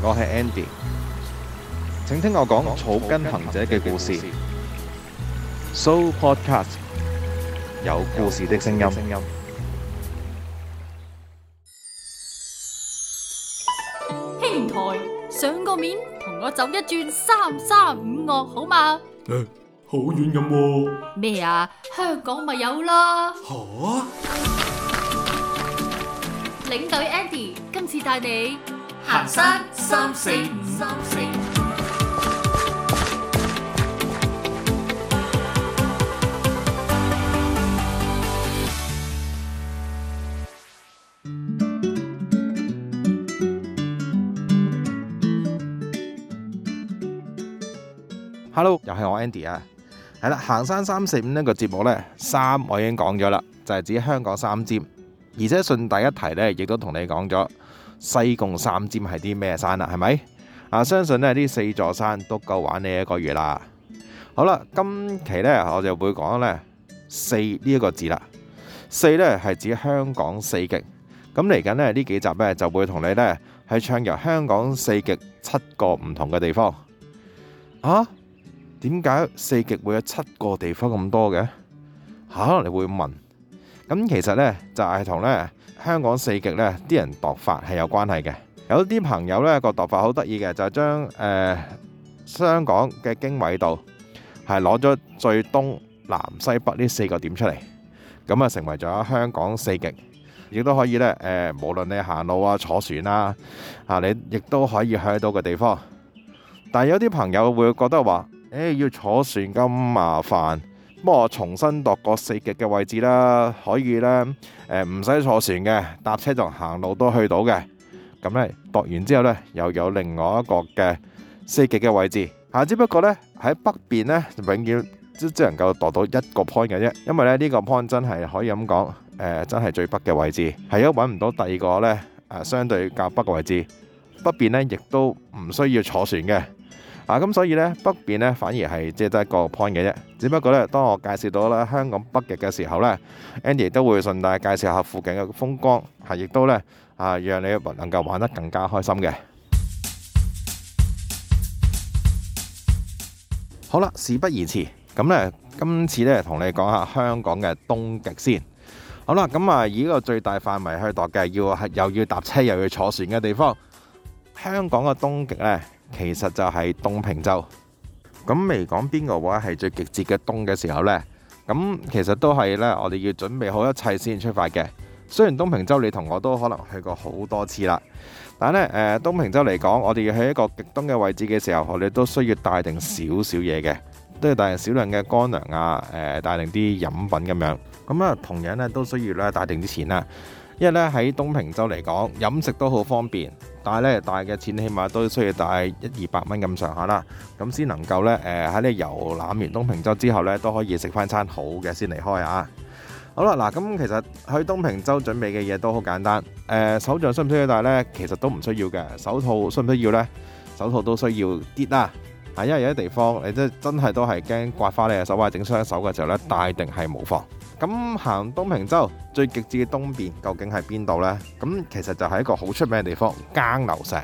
我係 Andy，請聽我講草根行者嘅故事。So podcast 有故事的聲音。兄台，上個面同我走一轉三三五岳，好嘛？誒，好遠咁？咩啊？香港咪有啦？好！領隊 Andy 今次帶你。行山三四三四。Hello，又係我 Andy 啊，係啦，行山三四五呢個節目呢，三我已經講咗啦，就係指香港三尖，而且順帶一提呢，亦都同你講咗。西貢三尖係啲咩山啦、啊？係咪？啊，相信咧呢這四座山都夠玩呢一個月啦。好啦，今期呢，我就會講呢四呢一個字啦。四呢係指香港四極。咁嚟緊呢，呢幾集呢就會同你呢係暢遊香港四極七個唔同嘅地方。啊？點解四極會有七個地方咁多嘅？吓、啊，你會問。咁其實呢，就係、是、同呢。香港四極呢啲人度法係有關係嘅。有啲朋友呢個度法好得意嘅，就係將誒香港嘅經緯度係攞咗最東南西北呢四個點出嚟，咁啊成為咗香港四極，亦、就是呃、都可以呢，誒、呃，無論你行路啊、坐船啦，啊你亦都可以去到嘅地方。但係有啲朋友會覺得話，誒、欸、要坐船咁麻煩。不過我重新度過四極嘅位置啦，可以咧，誒唔使坐船嘅，搭車同行路都去到嘅。咁咧度完之後咧，又有另外一個嘅四極嘅位置。吓，只不過咧喺北邊咧，永遠都只能夠度到一個 point 嘅啫，因為咧呢個 point 真係可以咁講，誒真係最北嘅位置，係都搵唔到第二個咧，誒相對較北嘅位置。北邊咧亦都唔需要坐船嘅。啊，咁所以呢，北邊呢反而係即係得一個 point 嘅啫。只不過呢，當我介紹到呢香港北極嘅時候呢，Andy 都會順帶介紹下附近嘅風光，係亦都呢啊，讓你能夠玩得更加開心嘅。好啦，事不宜遲，咁呢，今次呢，同你講下香港嘅東極先好了。好、嗯、啦，咁啊以呢個最大範圍去度計，要又要搭車又要坐船嘅地方，香港嘅東極呢。其實就係東平洲，咁未講邊個話係最極節嘅東嘅時候呢？咁其實都係呢，我哋要準備好一切先出發嘅。雖然東平洲你同我都可能去過好多次啦，但係呢，誒，東平洲嚟講，我哋要去一個極東嘅位置嘅時候，我哋都需要帶定少少嘢嘅，都要帶定少量嘅乾糧啊，誒，帶定啲飲品咁樣。咁咧同樣呢，都需要呢帶定啲錢啦，因為呢，喺東平洲嚟講，飲食都好方便。但係咧，大嘅錢起碼都需要帶一二百蚊咁上下啦，咁先能夠呢，誒，喺你遊覽完東平洲之後呢，都可以食翻餐好嘅先離開啊。好啦，嗱，咁其實去東平洲準備嘅嘢都好簡單，誒，手杖需唔需要帶呢？其實都唔需要嘅。手套需唔需要呢？手套都需要啲啦，嚇，因為有啲地方你即係真係都係驚刮花你嘅手啊、整傷手嘅時候呢，帶定係冇妨。咁行東平洲最極致嘅東邊究竟係邊度呢？咁其實就係一個好出名嘅地方——更樓石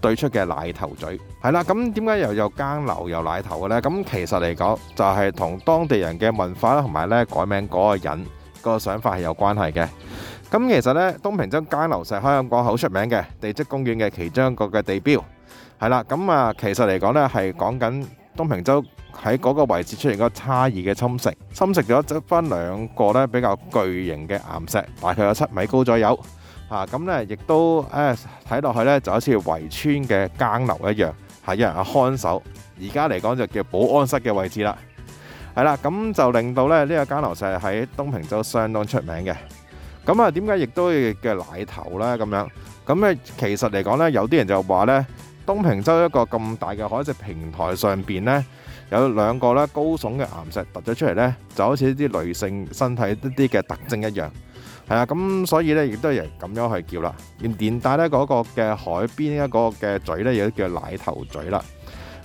對出嘅奶頭嘴。係啦，咁點解又有更樓又奶頭嘅呢？咁其實嚟講就係同當地人嘅文化啦，同埋呢改名嗰個人個想法係有關係嘅。咁其實呢，東平洲更樓石係香港好出名嘅地質公園嘅其中一個嘅地標。係啦，咁啊，其實嚟講呢係講緊。東平洲喺嗰個位置出現個差異嘅侵蝕，侵蝕咗執翻兩個咧比較巨型嘅岩石，大概有七米高左右。吓咁咧，亦都誒睇落去咧就好似圍村嘅更樓一樣，係有人看守。而家嚟講就叫保安室嘅位置啦。係啦，咁就令到咧呢個更樓石喺東平洲相當出名嘅。咁啊，點解亦都叫奶頭啦咁樣？咁咧，其實嚟講咧，有啲人就話咧。東平洲一個咁大嘅海蝕平台上邊咧，有兩個咧高聳嘅岩石凸咗出嚟咧，就好似啲女性身體一啲嘅特徵一樣。係啊，咁所以咧亦都係咁樣去叫啦。連帶咧嗰個嘅海邊一個嘅嘴咧，亦都叫奶頭嘴啦。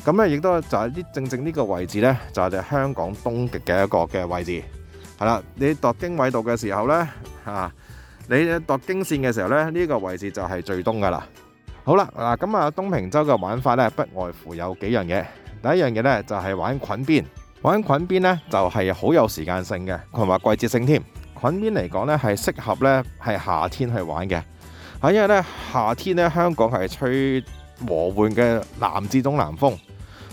咁咧亦都就係啲正正呢個位置咧，就係我哋香港東極嘅一個嘅位置。係啦，你度經緯度嘅時候咧，吓你度經線嘅時候咧，呢個位置就係最東㗎啦。好啦，嗱咁啊，東平洲嘅玩法咧，不外乎有幾樣嘢。第一樣嘢咧，就係玩裙邊。玩裙邊咧，就係好有時間性嘅，同埋季節性添。裙邊嚟講咧，係適合咧係夏天去玩嘅。啊，因為咧夏天咧，香港係吹和緩嘅南至東南風，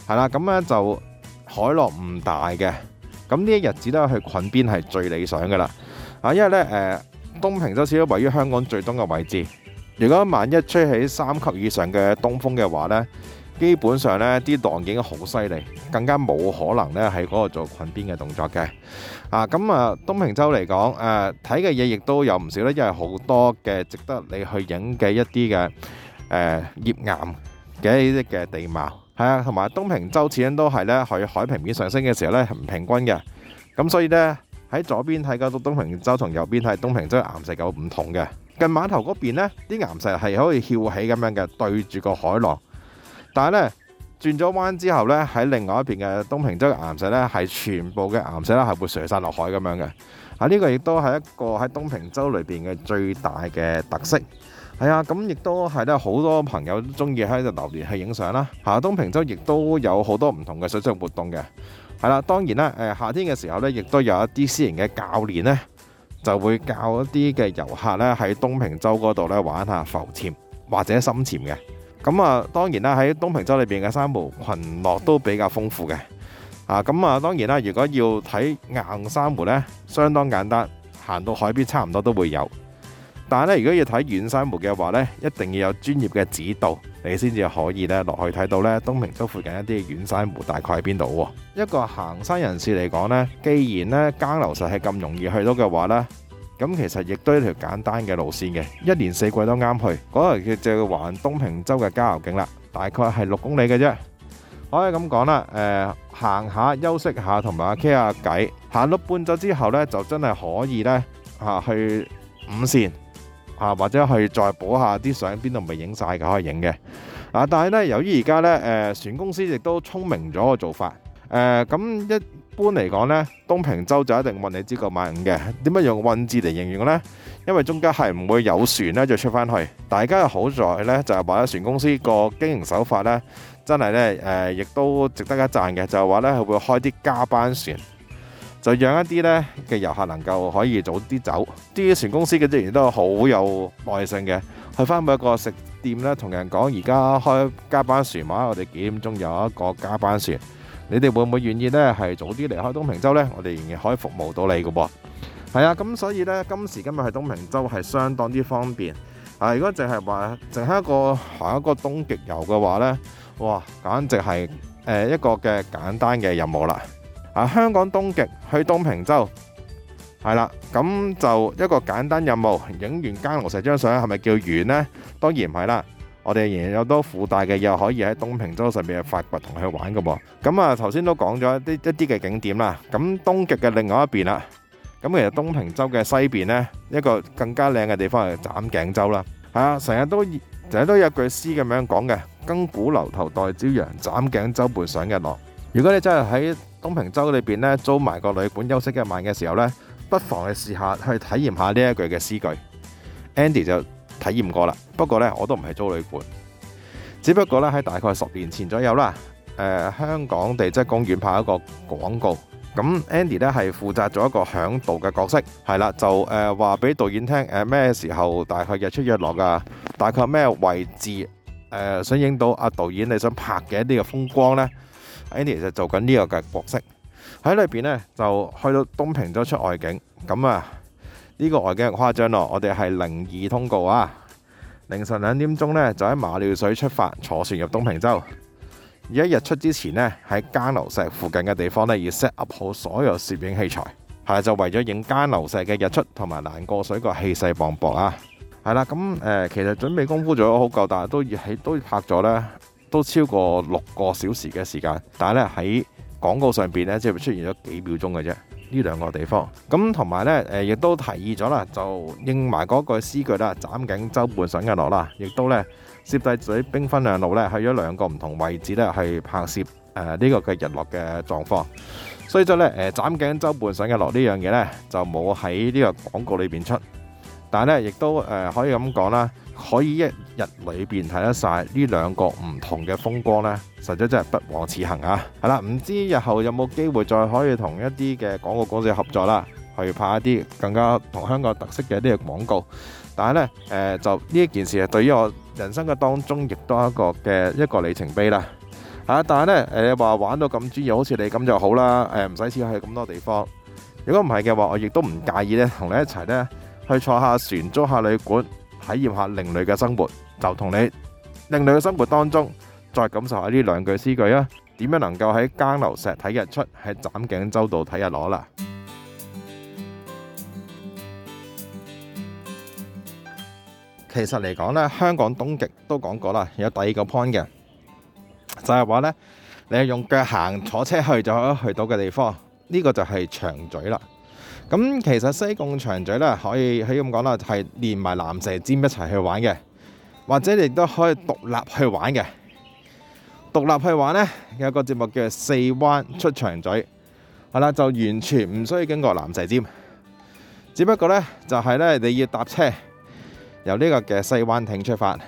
係啦，咁咧就海浪唔大嘅。咁呢一日子咧，去裙邊係最理想噶啦。啊，因為咧，誒，東平洲始終位於香港最東嘅位置。如果萬一吹起三級以上嘅東風嘅話咧，基本上咧啲浪已經好犀利，更加冇可能咧喺嗰度做裙邊嘅動作嘅。啊，咁啊，東平洲嚟講，誒睇嘅嘢亦都有唔少咧，因為好多嘅值得你去影記一啲嘅誒頁岩嘅一啲嘅地貌，係啊，同埋東平洲始終都係咧佢海平面上升嘅時候咧唔平均嘅。咁所以咧喺左邊睇到東平洲，同右邊睇東平洲岩石有唔同嘅。近碼頭嗰邊呢啲岩石係可以翹起咁樣嘅，對住個海浪。但係呢，轉咗彎之後呢，喺另外一邊嘅東平洲嘅岩石呢，係全部嘅岩石呢，係會垂晒落海咁樣嘅。啊，呢、這個亦都係一個喺東平洲裏邊嘅最大嘅特色。係啊，咁亦都係咧，好多朋友都中意喺度留連去影相啦。吓、啊，東平洲亦都有好多唔同嘅水上活動嘅。係啦、啊，當然啦，誒，夏天嘅時候也的呢，亦都有一啲私人嘅教練呢。就會教一啲嘅遊客咧，喺東平洲嗰度咧玩下浮潛或者深潛嘅。咁啊，當然啦，喺東平洲裏邊嘅珊瑚群落都比較豐富嘅。啊，咁啊，當然啦，如果要睇硬珊瑚呢，相當簡單，行到海邊差唔多都會有。但係咧，如果要睇遠山湖嘅話咧，一定要有專業嘅指導，你先至可以咧落去睇到咧東平洲附近一啲遠山湖大概喺邊度。一個行山人士嚟講咧，既然咧郊遊徑係咁容易去到嘅話咧，咁其實亦都係條簡單嘅路線嘅，一年四季都啱去。嗰個就就環東平洲嘅郊遊徑啦，大概係六公里嘅啫。可以咁講啦，誒，行下休息下同埋傾下偈，行到半咗之後咧，就真係可以咧吓去五線。啊，或者去再補下啲相，邊度未影晒嘅可以影嘅、啊。但係咧，由於而家咧，誒、呃，船公司亦都聰明咗個做法。誒、呃，咁一般嚟講咧，東平洲就一定問你知付萬五嘅。點解用運字嚟形容呢？因為中間係唔會有船咧，就出翻去。大家又好在咧，就係、是、話船公司個經營手法咧，真係咧，誒、呃，亦都值得一讚嘅，就係話咧，佢會開啲加班船。就讓一啲咧嘅遊客能夠可以早啲走。啲船公司嘅職員都好有耐性嘅，去翻每一個食店咧，同人講而家開加班船嘛，我哋幾點鐘有一個加班船，你哋會唔會願意咧？係早啲離開東平洲呢，我哋仍然可以服務到你嘅喎。係啊，咁所以呢，今時今日去東平洲係相當之方便。啊，如果淨係話淨係一個行一個東極遊嘅話呢，哇，簡直係誒一個嘅簡單嘅任務啦。啊！香港東極去東平洲，係啦，咁就一個簡單任務，影完更樓石張相係咪叫完呢？當然唔係啦，我哋仍然有多附帶嘅，又可以喺東平洲上面去發掘同去玩嘅噃。咁啊，頭先都講咗一啲一啲嘅景點啦。咁東極嘅另外一邊啦，咁其實東平洲嘅西邊呢，一個更加靚嘅地方係斬頸洲啦。係啊，成日都成日都有句詩咁樣講嘅：更鼓樓頭待朝陽，斬頸洲畔上日落。如果你真係喺東平洲裏邊咧租埋個旅館休息一晚嘅時候咧，不妨去試下去體驗下呢一句嘅詩句。Andy 就體驗過啦，不過呢我都唔係租旅館，只不過呢喺大概十年前左右啦。誒，香港地質公園拍一個廣告，咁 Andy 呢係負責做一個響導嘅角色，係啦，就誒話俾導演聽，誒咩時候大概日出日落啊，大概咩位置誒想影到阿導演你想拍嘅一啲嘅風光呢。Andy 其實做緊呢個嘅角色，喺裏邊咧就去到東平洲出外景，咁啊呢個外景誇張咯，我哋係零二通告啊，凌晨兩點鐘咧就喺馬料水出發，坐船入東平洲，而喺日出之前咧喺間樓石附近嘅地方咧要 set up 好所有攝影器材，係就為咗影間樓石嘅日出同埋難過水個氣勢磅礴啊，係啦，咁誒其實準備功夫做咗好夠，但係都已喺都拍咗啦。都超過六個小時嘅時間，但係咧喺廣告上邊咧，即係出現咗幾秒鐘嘅啫。呢兩個地方，咁同埋咧，誒亦、呃、都提議咗啦，就應埋嗰句詩句啦，斬鏡洲畔賞日落啦，亦都咧攝製隊兵分兩路咧，去咗兩個唔同位置咧，係拍攝誒呢、呃這個嘅日落嘅狀況。所以就咧誒、呃、斬鏡洲畔賞日落呢樣嘢咧，就冇喺呢個廣告裏邊出，但係咧亦都誒、呃、可以咁講啦。可以一日裏邊睇得晒呢兩個唔同嘅風光呢，實在真係不枉此行啊！係啦，唔知日後有冇機會再可以同一啲嘅廣告公司合作啦，去拍一啲更加同香港特色嘅一啲嘅廣告。但係呢，誒、呃、就呢一件事啊，對於我人生嘅當中，亦都係一個嘅一個里程碑啦。嚇，但係咧、呃，你話玩到咁專業，好似你咁就好啦。誒唔使似去咁多地方。如果唔係嘅話，我亦都唔介意呢，同你一齊呢，去坐下船，租下旅館。體驗下另類嘅生活，就同你另類嘅生活當中，再感受下呢兩句詩句啊，點樣能夠喺更樓石睇日出，喺斬頸洲度睇日落啦？其實嚟講呢，香港東極都講過啦，有第二個 point 嘅，就係話呢：你用腳行，坐車去就可以去到嘅地方，呢、這個就係長嘴啦。咁其實西貢長嘴咧，可以可以咁講啦，係連埋蚺蛇尖一齊去玩嘅，或者亦都可以獨立去玩嘅。獨立去玩呢，有個節目叫四灣出長嘴，係啦，就完全唔需要經過蚺蛇尖，只不過呢，就係呢，你要搭車由呢個嘅西灣亭出發，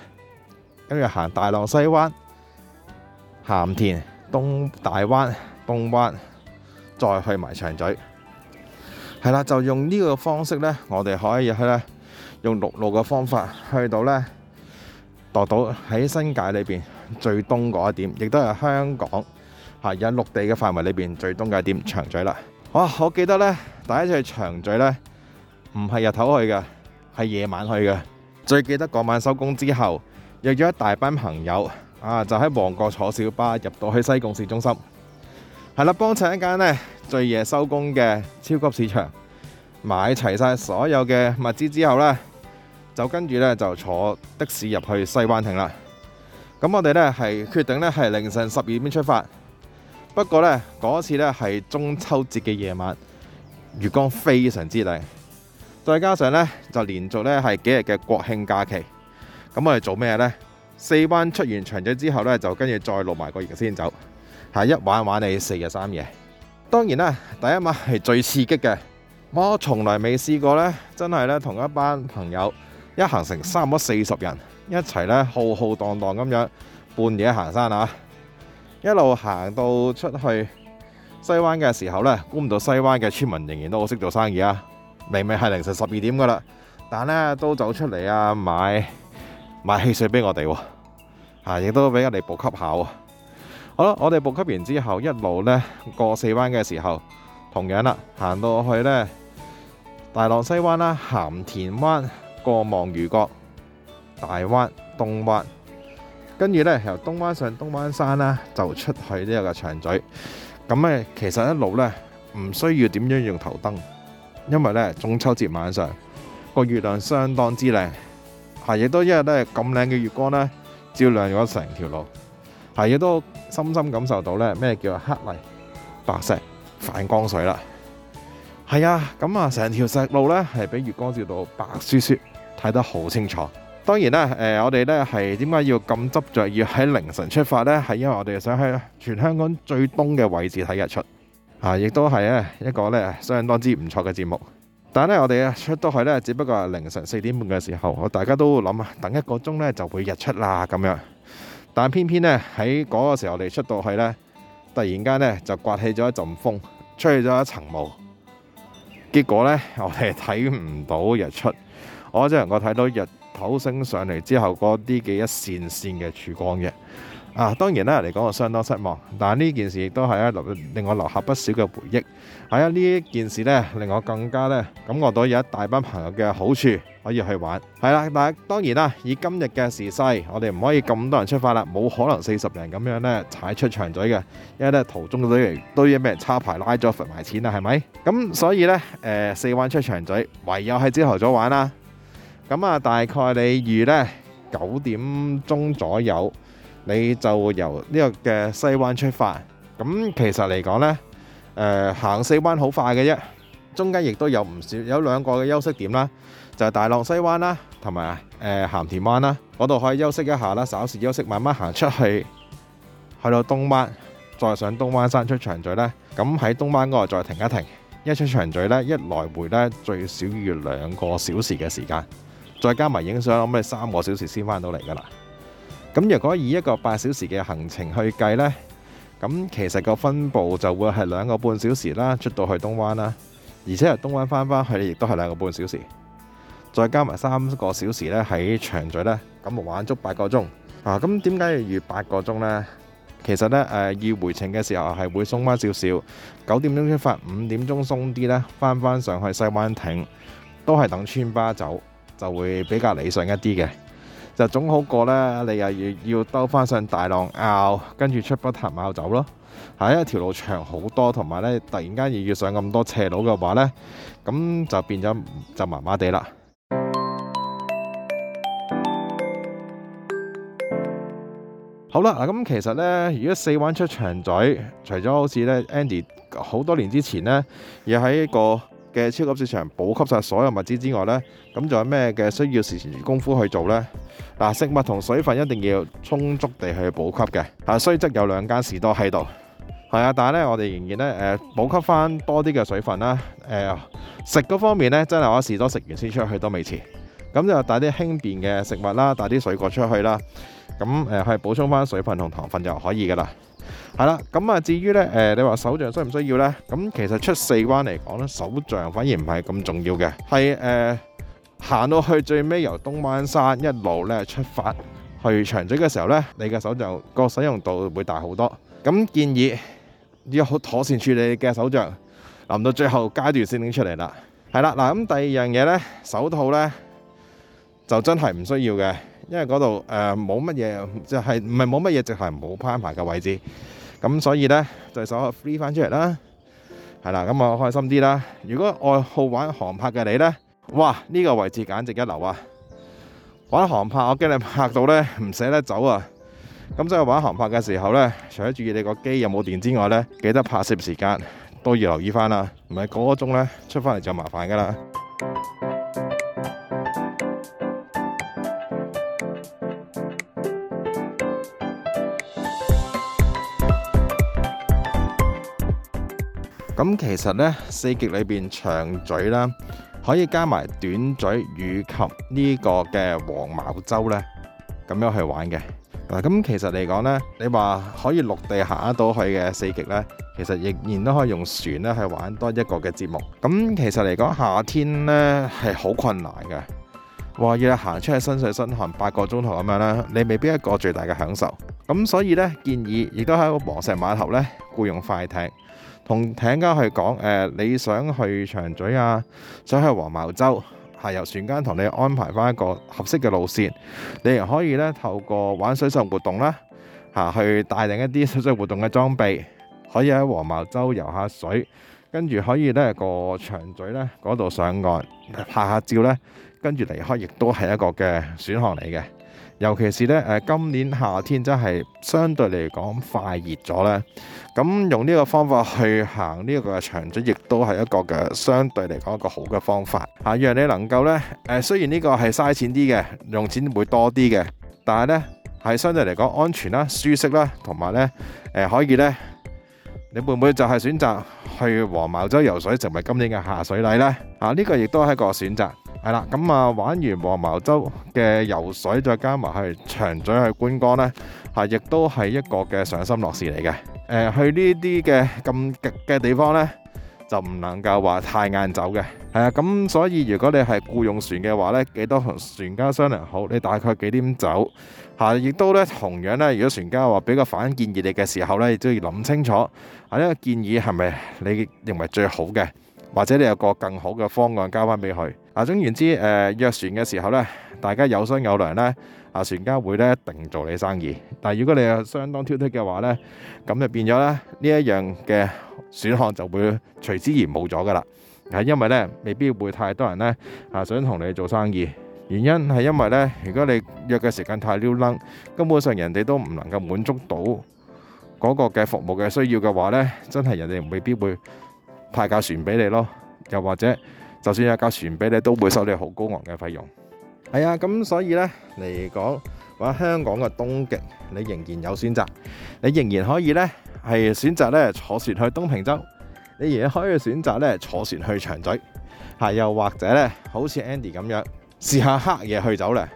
跟住行大浪西灣、鹹田、東大灣、東灣，再去埋長嘴。係啦，就用呢個方式咧，我哋可以去咧，用陸路嘅方法去到咧，度到喺新界裏邊最東嗰一點，亦都係香港吓有陸地嘅範圍裏邊最東嘅一點——長咀啦。哇！我記得咧，第一次去長咀咧，唔係日頭去嘅，係夜晚去嘅。最記得嗰晚收工之後，約咗一大班朋友啊，就喺旺角坐小巴入到去西貢市中心。係啦，幫襯一間咧。最夜收工嘅超級市場買齊晒所有嘅物資之後呢，就跟住呢就坐的士入去西灣亭啦。咁我哋呢係決定呢係凌晨十二點出發，不過呢，嗰次呢係中秋節嘅夜晚，月光非常之靚，再加上呢，就連續呢係幾日嘅國慶假期，咁我哋做咩呢？四灣出完場咗之後呢，就跟住再落埋個月先走，吓一玩玩你四日三夜。當然啦，第一晚係最刺激嘅，我從來未試過呢，真係呢，同一班朋友一行成三、四十人一齊呢，浩浩蕩蕩咁樣半夜行山啊！一路行到出去西灣嘅時候呢，估唔到西灣嘅村民仍然都好識做生意啊！明明係凌晨十二點噶啦，但呢，都走出嚟啊買買汽水俾我哋，啊亦都俾我哋補給下喎。好啦，我哋補給完之後，一路呢過四灣嘅時候，同樣啦，行到去呢大浪西灣啦、鹹田灣、過望魚角、大灣、東灣，跟住呢由東灣上東灣山呢就出去呢個長嘴。咁呢其實一路呢唔需要點樣用頭燈，因為呢中秋節晚上個月亮相當之靚，係亦都因為呢咁靚嘅月光呢照亮咗成條路。係亦都深深感受到咧，咩叫黑泥白石反光水啦，係啊，咁啊成條石路咧係俾月光照到白雪雪，睇得好清楚。當然咧，誒我哋咧，係點解要咁執着要喺凌晨出發咧？係因為我哋想喺全香港最東嘅位置睇日出啊！亦都係咧一個咧相當之唔錯嘅節目。但係咧我哋啊出到去咧，只不過係凌晨四點半嘅時候，我大家都諗啊，等一個鐘咧就會日出啦咁樣。但偏偏呢喺嗰個時候，我哋出到去呢，突然間呢就刮起咗一陣風，吹咗一層霧，結果呢，我哋睇唔到日出，我只能夠睇到日頭升上嚟之後嗰啲嘅一線線嘅曙光嘅。啊，當然啦，嚟講，我相當失望。但係呢件事亦都係一留令我留下不少嘅回憶。係啊，呢件事呢令我更加咧感覺到有一大班朋友嘅好處可以去玩。係啦，但係當然啦，以今日嘅時勢，我哋唔可以咁多人出發啦，冇可能四十人咁樣咧踩出場嘴嘅，因為咧途中嘅隊員都已經俾人插牌拉咗，罰埋錢啦，係咪？咁所以呢，誒、呃、四彎出場嘴，唯有喺朝頭早玩啦。咁啊，大概你預呢九點鐘左右。你就由呢個嘅西灣出發，咁其實嚟講呢，誒行四灣好快嘅啫，中間亦都有唔少有兩個嘅休息點啦，就係大浪西灣啦，同埋誒咸田灣啦，嗰度可以休息一下啦，稍時休息，慢慢行出去，去到東灣，再上東灣山出長嘴呢。咁喺東灣嗰度再停一停，一出長嘴呢，一來回呢，最少要兩個小時嘅時間，再加埋影相，咁你三個小時先返到嚟噶啦。咁如果以一個八小時嘅行程去計呢，咁其實個分佈就會係兩個半小時啦，出到去東灣啦，而且係東灣返返去亦都係兩個半小時，再加埋三個小時呢，喺長咀呢，咁就玩足八個鐘啊！咁點解要預八個鐘呢？其實呢，誒、呃，要回程嘅時候係會鬆返少少，九點鐘出發，五點鐘鬆啲呢，返返上去西灣亭，都係等村巴走，就會比較理想一啲嘅。就總好過呢，你又要要兜翻上大浪坳，跟住出北潭坳走咯。係因為條路長好多，同埋呢，突然間又要上咁多斜路嘅話呢，咁就變咗就麻麻地啦。 好啦，嗱咁其實呢，如果四灣出長咀，除咗好似呢 Andy 好多年之前呢，要喺個嘅超級市場補給曬所有物資之外咧，咁仲有咩嘅需要事前功夫去做咧？嗱，食物同水分一定要充足地去補給嘅。啊，雖則有兩間士多喺度，係啊，但係咧我哋仍然咧誒補給翻多啲嘅水分啦。誒食嗰方面咧，真係我士多食完先出去都未遲。咁就帶啲輕便嘅食物啦，帶啲水果出去啦。咁誒係補充翻水分同糖分就可以㗎啦。係啦，咁啊，至於呢，誒、呃，你話手杖需唔需要呢？咁其實出四關嚟講呢，手杖反而唔係咁重要嘅，係誒行到去最尾由東灣山一路呢出發去長咀嘅時候呢，你嘅手杖個使用度會大好多。咁建議要好妥善處理嘅手杖，臨到最後階段先拎出嚟啦。係啦，嗱，咁第二樣嘢呢，手套呢，就真係唔需要嘅。因為嗰度誒冇乜嘢，就係唔係冇乜嘢，直頭係冇攀爬嘅位置，咁所以呢，就所 free 返出嚟啦，係啦，咁啊開心啲啦。如果愛好玩航拍嘅你呢，哇，呢個位置簡直一流啊！玩航拍我驚你拍到呢，唔捨得走啊！咁所以玩航拍嘅時候呢，除咗注意你個機有冇電之外呢，記得拍攝時間都要留意返啦，唔係個鐘呢，出返嚟就麻煩噶啦。咁其實呢，四極裏邊長嘴啦，可以加埋短嘴，以及呢個嘅黃茅洲呢，咁樣去玩嘅嗱。咁其實嚟講呢，你話可以陸地行得到去嘅四極呢，其實仍然都可以用船呢去玩多一個嘅節目。咁其實嚟講，夏天呢係好困難嘅，話要行出去身水身汗八個鐘頭咁樣啦，你未必一個最大嘅享受。咁所以呢，建議亦都喺個黃石碼頭呢，僱用快艇。同艇家去講、呃，你想去長咀啊，想去黃茅洲，係、啊、由船間同你安排翻一個合適嘅路線。你亦可以咧透過玩水上活動啦、啊，去帶領一啲水上活動嘅裝備，可以喺黃茅洲遊下水，跟住可以咧個長咀咧嗰度上岸拍下照咧，跟住離開亦都係一個嘅選項嚟嘅。尤其是咧，誒今年夏天真係相對嚟講快熱咗咧，咁用呢個方法去行呢一個長咀，亦都係一個嘅相對嚟講一個好嘅方法嚇、啊，讓你能夠呢，誒、啊、雖然呢個係嘥錢啲嘅，用錢會多啲嘅，但係呢係相對嚟講安全啦、啊、舒適啦、啊，同埋呢誒、呃、可以咧，你會唔會就係選擇去黃茅洲游水，成為今年嘅下水禮咧？啊，呢、這個亦都係一個選擇。係啦，咁啊玩完黃茅洲嘅游水，再加埋去長嘴去觀光呢，吓亦都係一個嘅賞心樂事嚟嘅。誒、呃，去呢啲嘅咁極嘅地方呢，就唔能夠話太晏走嘅。係啊，咁所以如果你係僱用船嘅話呢，幾多同船家商量好，你大概幾點走？吓、啊，亦都咧同樣呢，如果船家話俾個反建議你嘅時候咧，都要諗清楚，係、啊、呢、呢個建議係咪你認為最好嘅？或者你有個更好嘅方案交翻俾佢。嗱，總言之，誒約船嘅時候咧，大家有商有量咧，啊船家會咧定做你生意。但係如果你係相當挑剔嘅話咧，咁就變咗咧，呢一樣嘅選項就會隨之而冇咗㗎啦。係因為咧，未必會太多人咧啊想同你做生意。原因係因為咧，如果你約嘅時間太溜楞，根本上人哋都唔能夠滿足到嗰個嘅服務嘅需要嘅話咧，真係人哋未必會。派架船俾你咯，又或者就算有架船俾你，都會收你好高昂嘅費用。係啊，咁所以呢，嚟講，話香港嘅東極，你仍然有選擇，你仍然可以呢，係選擇呢坐船去東平洲，你仍然可以選擇呢坐船去長嘴，係又或者呢好似 Andy 咁樣試下黑夜去走呢，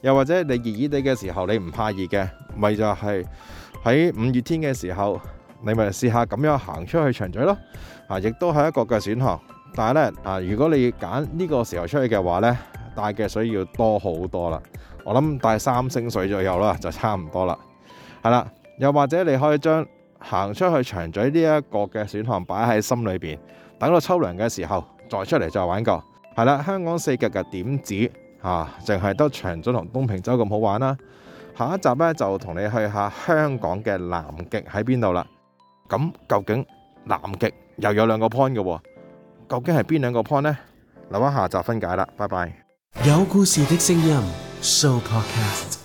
又或者你熱熱哋嘅時候，你唔怕熱嘅，咪就係喺五月天嘅時候，你咪試下咁樣行出去長嘴咯。啊，亦都係一個嘅選項，但係咧啊，如果你要揀呢個時候出去嘅話呢，帶嘅水要多好多啦。我諗帶三升水左右啦，就差唔多啦。係啦，又或者你可以將行出去長嘴呢一個嘅選項擺喺心裏面，等到秋涼嘅時候再出嚟再玩過。係啦。香港四極嘅點子啊，淨係得長嘴同東平洲咁好玩啦。下一集呢，就同你去下香港嘅南極喺邊度啦。咁究竟南極？又有兩個 point 嘅喎，究竟係邊兩個 point 呢？留返下集分解啦，拜拜。有故事嘅聲音 show podcast。